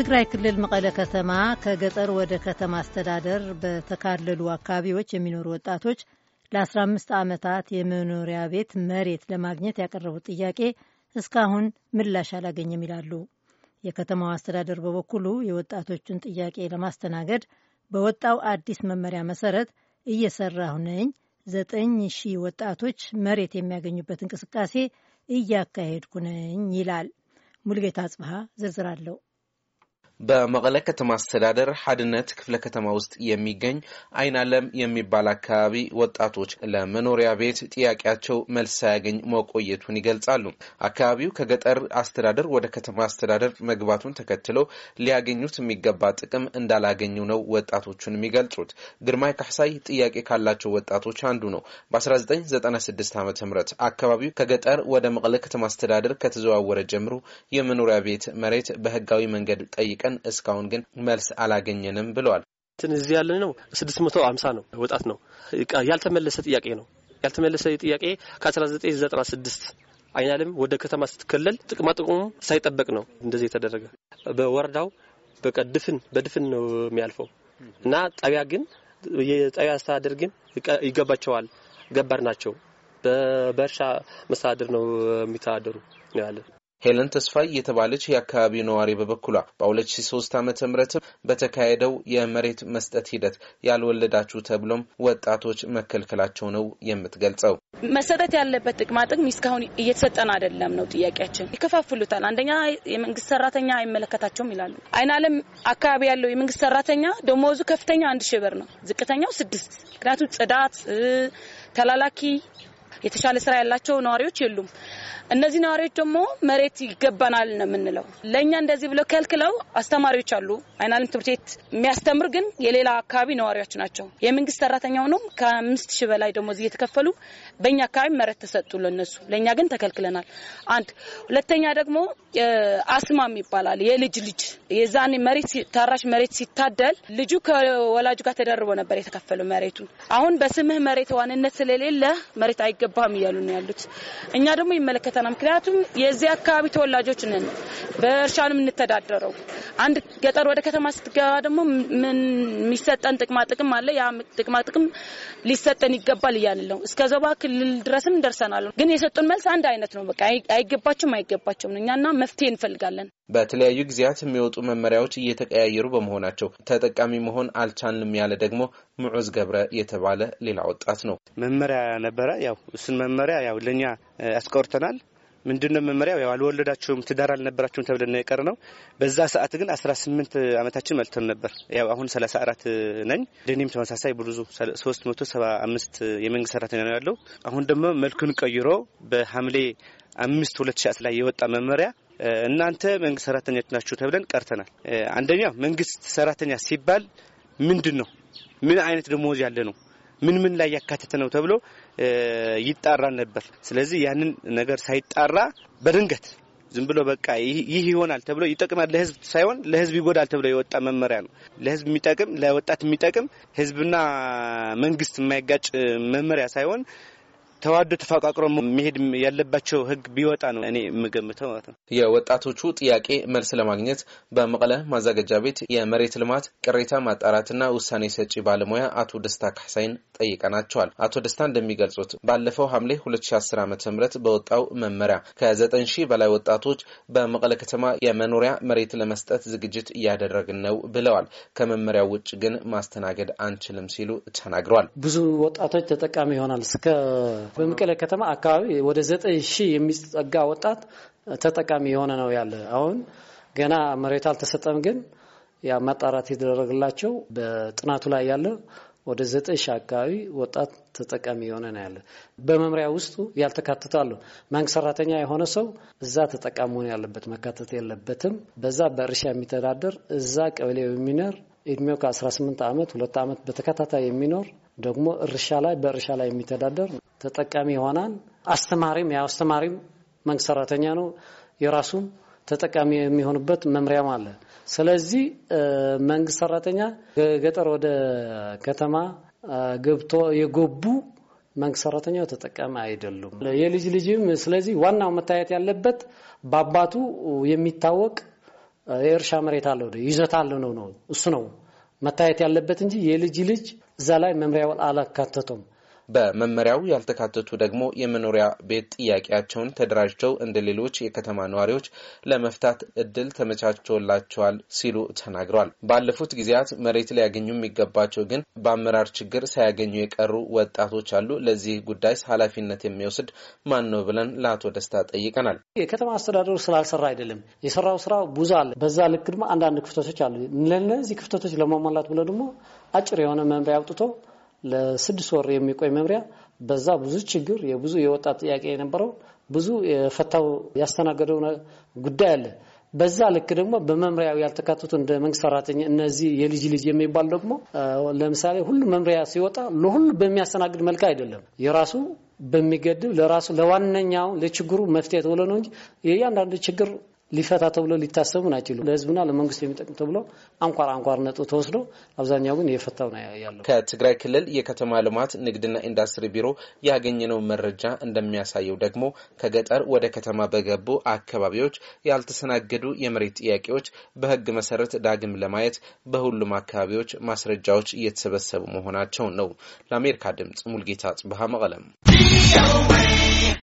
በትግራይ ክልል መቀለ ከተማ ከገጠር ወደ ከተማ አስተዳደር በተካለሉ አካባቢዎች የሚኖሩ ወጣቶች ለ15 ዓመታት የመኖሪያ ቤት መሬት ለማግኘት ያቀረቡት ጥያቄ እስካሁን ምላሽ አላገኘም ይላሉ። የከተማው አስተዳደር በበኩሉ የወጣቶቹን ጥያቄ ለማስተናገድ በወጣው አዲስ መመሪያ መሰረት እየሰራሁ ነኝ፣ ዘጠኝ ሺህ ወጣቶች መሬት የሚያገኙበት እንቅስቃሴ እያካሄድኩ ነኝ ይላል። ሙልጌታ አጽብሃ ዝርዝር አለው። በመቀለ ከተማ አስተዳደር ሀድነት ክፍለ ከተማ ውስጥ የሚገኝ አይናለም የሚባል አካባቢ ወጣቶች ለመኖሪያ ቤት ጥያቄያቸው መልስ ሳያገኝ መቆየቱን ይገልጻሉ። አካባቢው ከገጠር አስተዳደር ወደ ከተማ አስተዳደር መግባቱን ተከትለው ሊያገኙት የሚገባ ጥቅም እንዳላገኙ ነው ወጣቶቹን የሚገልጹት። ግርማይ ካሳይ ጥያቄ ካላቸው ወጣቶች አንዱ ነው። በ1996 ዓ ም አካባቢው ከገጠር ወደ መቀለ ከተማ አስተዳደር ከተዘዋወረ ጀምሮ የመኖሪያ ቤት መሬት በህጋዊ መንገድ ጠይቀ ጠይቀን እስካሁን ግን መልስ አላገኘንም ብለዋል። እዚህ ያለ ነው ስድስት መቶ ነው ወጣት ነው ያልተመለሰ ጥያቄ ነው ያልተመለሰ ጥያቄ ከ1996 አይናለም ወደ ከተማ ስትከለል ጥቅማ ጥቅሙ ሳይጠበቅ ነው እንደዚህ የተደረገ። በወረዳው በቃ ድፍን በድፍን ነው የሚያልፈው እና ጣቢያ ግን የጣቢያ አስተዳደር ግን ይገባቸዋል። ገባር ናቸው። በእርሻ መስተዳደር ነው የሚተዳደሩ ያለን ሄለን ተስፋይ የተባለች የአካባቢው ነዋሪ በበኩሏ በ2003 ዓ ም በተካሄደው የመሬት መስጠት ሂደት ያልወለዳችሁ ተብሎም ወጣቶች መከልከላቸው ነው የምትገልጸው። መሰጠት ያለበት ጥቅማ ጥቅም እስካሁን እየተሰጠን አይደለም ነው ጥያቄያችን። ይከፋፍሉታል። አንደኛ የመንግስት ሰራተኛ አይመለከታቸውም ይላሉ። አይን አለም አካባቢ ያለው የመንግስት ሰራተኛ ደሞዙ ከፍተኛ አንድ ሺ ብር ነው፣ ዝቅተኛው ስድስት ምክንያቱም ጽዳት፣ ተላላኪ የተሻለ ስራ ያላቸው ነዋሪዎች የሉም። እነዚህ ነዋሪዎች ደግሞ መሬት ይገባናል ነው የምንለው። ለእኛ እንደዚህ ብለው ከልክለው አስተማሪዎች አሉ። አይናለም ትምህርት ቤት የሚያስተምር ግን የሌላ አካባቢ ነዋሪዎች ናቸው። የመንግስት ሰራተኛ ሆኖም ከአምስት ሺህ በላይ ደሞዝ እየተከፈሉ በእኛ አካባቢ መሬት ተሰጡ ለነሱ፣ ለእኛ ግን ተከልክለናል። አንድ ሁለተኛ ደግሞ አስማም ይባላል የልጅ ልጅ የዛን መሬት ታራሽ መሬት ሲታደል ልጁ ከወላጁ ጋር ተደርቦ ነበር የተከፈለው መሬቱን። አሁን በስምህ መሬት ዋንነት ስለሌለ መሬት አይገባም እያሉ ነው ያሉት። እኛ ደግሞ ይመለከታል አይደርሰናል። ምክንያቱም የዚህ አካባቢ ተወላጆች ነን። በእርሻ ነው የምንተዳደረው። አንድ ገጠር ወደ ከተማ ስትገባ ደግሞ ምን የሚሰጠን ጥቅማ ጥቅም አለ። ያ ጥቅማ ጥቅም ሊሰጠን ይገባል እያልን ነው። እስከ ዞባ ክልል ድረስም ደርሰናል። ግን የሰጡን መልስ አንድ አይነት ነው። በቃ አይገባቸውም፣ አይገባቸውም። እኛና መፍትሄ እንፈልጋለን። በተለያዩ ጊዜያት የሚወጡ መመሪያዎች እየተቀያየሩ በመሆናቸው ተጠቃሚ መሆን አልቻልንም ያለ ደግሞ ምዑዝ ገብረ የተባለ ሌላ ወጣት ነው። መመሪያ ነበረ። ያው እሱን መመሪያ ያው ለእኛ አስቆርተናል። ምንድነው መመሪያው? ያው አልወለዳችሁም ትዳር አልነበራችሁም ተብለን ነው የቀር ነው። በዛ ሰዓት ግን 18 አመታችን መልተን ነበር። ያው አሁን 34 ነኝ። ደኔም ተመሳሳይ ብዙ 375 የመንግስት ሰራተኛ ነው ያለው። አሁን ደግሞ መልኩን ቀይሮ በሐምሌ 5 2010 ላይ የወጣ መመሪያ እናንተ መንግስት ሰራተኞች ናችሁ ተብለን ቀርተናል። አንደኛው መንግስት ሰራተኛ ሲባል ምንድን ነው? ምን አይነት ደሞዝ ያለ ነው? ምን ምን ላይ ያካተተ ነው ተብሎ ይጣራ ነበር። ስለዚህ ያንን ነገር ሳይጣራ በድንገት ዝም ብሎ በቃ ይህ ይሆናል ተብሎ ይጠቅማል ለህዝብ ሳይሆን ለህዝብ ይጎዳል ተብሎ የወጣ መመሪያ ነው። ለህዝብ የሚጠቅም ለወጣት የሚጠቅም ህዝብና መንግስት የማይጋጭ መመሪያ ሳይሆን ተዋዶ ተፋቃቅሮ መሄድ ያለባቸው ህግ ቢወጣ ነው እኔ የምገምተው ማለት ነው። የወጣቶቹ ጥያቄ መልስ ለማግኘት በመቀለ ማዘጋጃ ቤት የመሬት ልማት ቅሬታ ማጣራትና ውሳኔ ሰጪ ባለሙያ አቶ ደስታ ካሳይን ጠይቀናቸዋል። አቶ ደስታ እንደሚገልጹት ባለፈው ሐምሌ 2010 ዓ ም በወጣው መመሪያ ከ9 ሺህ በላይ ወጣቶች በመቀለ ከተማ የመኖሪያ መሬት ለመስጠት ዝግጅት እያደረግን ነው ብለዋል። ከመመሪያው ውጭ ግን ማስተናገድ አንችልም ሲሉ ተናግረዋል። ብዙ ወጣቶች ተጠቃሚ ይሆናል እስከ በመቀለ ከተማ አካባቢ ወደ ዘጠኝ ሺህ የሚጠጋ ወጣት ተጠቃሚ የሆነ ነው ያለ። አሁን ገና መሬቱ አልተሰጠም፣ ግን ያ ማጣራት የተደረገላቸው በጥናቱ ላይ ያለ ወደ ዘጠኝ ሺህ አካባቢ ወጣት ተጠቃሚ የሆነ ነው ያለ። በመምሪያ ውስጡ ያልተካተቱ መንግስት ሰራተኛ የሆነ ሰው እዛ ተጠቃሚ ሆነ ያለበት መካተት የለበትም። በዛ በእርሻ የሚተዳደር እዛ ቀበሌ የሚኖር እድሜው ከ18 ዓመት ሁለት ዓመት በተከታታይ የሚኖር ደግሞ እርሻ ላይ በእርሻ ላይ የሚተዳደር ተጠቃሚ ይሆናል። አስተማሪም ያው አስተማሪም መንግስት ሰራተኛ ነው። የራሱም ተጠቃሚ የሚሆንበት መምሪያም አለ። ስለዚህ መንግስት ሰራተኛ ገጠር ወደ ከተማ ገብቶ የገቡ መንግስት ሰራተኛው ተጠቃሚ አይደሉም። የልጅ ልጅም ስለዚህ ዋናው መታየት ያለበት በአባቱ የሚታወቅ የእርሻ መሬት አለው ይዞታ አለው ነው ነው እሱ ነው መታየት ያለበት እንጂ የልጅ ልጅ እዛ ላይ መምሪያው አላካተቶም። በመመሪያው ያልተካተቱ ደግሞ የመኖሪያ ቤት ጥያቄያቸውን ተደራጅተው እንደ ሌሎች የከተማ ነዋሪዎች ለመፍታት እድል ተመቻችቶላቸዋል ሲሉ ተናግሯል። ባለፉት ጊዜያት መሬት ሊያገኙ የሚገባቸው ግን በአመራር ችግር ሳያገኙ የቀሩ ወጣቶች አሉ። ለዚህ ጉዳይ ኃላፊነት የሚወስድ ማን ነው ብለን ለአቶ ደስታ ጠይቀናል። የከተማ አስተዳደሩ ስላልሰራ አይደለም። የሰራው ስራ ብዙ አለ። በዛ ልክ ደግሞ አንዳንድ ክፍተቶች አሉ። ለነዚህ ክፍተቶች ለማሟላት ብሎ ደግሞ አጭር የሆነ መንበያ አውጥቶ ለስድስት ወር የሚቆይ መምሪያ በዛ ብዙ ችግር የብዙ የወጣት ጥያቄ የነበረው ብዙ የፈታው ያስተናገደው ጉዳይ አለ። በዛ ልክ ደግሞ በመምሪያው ያልተካተቱ እንደ መንግስት ሰራተኛ እነዚህ የልጅ ልጅ የሚባል ደግሞ ለምሳሌ ሁሉ መምሪያ ሲወጣ ለሁሉ በሚያስተናግድ መልክ አይደለም የራሱ በሚገድብ ለራሱ ለዋነኛው ለችግሩ መፍትሄ ተብሎ ነው እንጂ የእያንዳንዱ ችግር ሊፈታ ተብሎ ሊታሰቡ ናቸው። ለህዝብና ለመንግስት የሚጠቅም ተብሎ አንኳር አንኳር ነጥብ ተወስዶ አብዛኛው ግን የፈታው ነው ያለው። ከትግራይ ክልል የከተማ ልማት ንግድና ኢንዱስትሪ ቢሮ ያገኘነው መረጃ እንደሚያሳየው ደግሞ ከገጠር ወደ ከተማ በገቡ አካባቢዎች ያልተሰናገዱ የመሬት ጥያቄዎች በህግ መሰረት ዳግም ለማየት በሁሉም አካባቢዎች ማስረጃዎች እየተሰበሰቡ መሆናቸውን ነው። ለአሜሪካ ድምጽ ሙልጌታ ጽብሃ መቀለም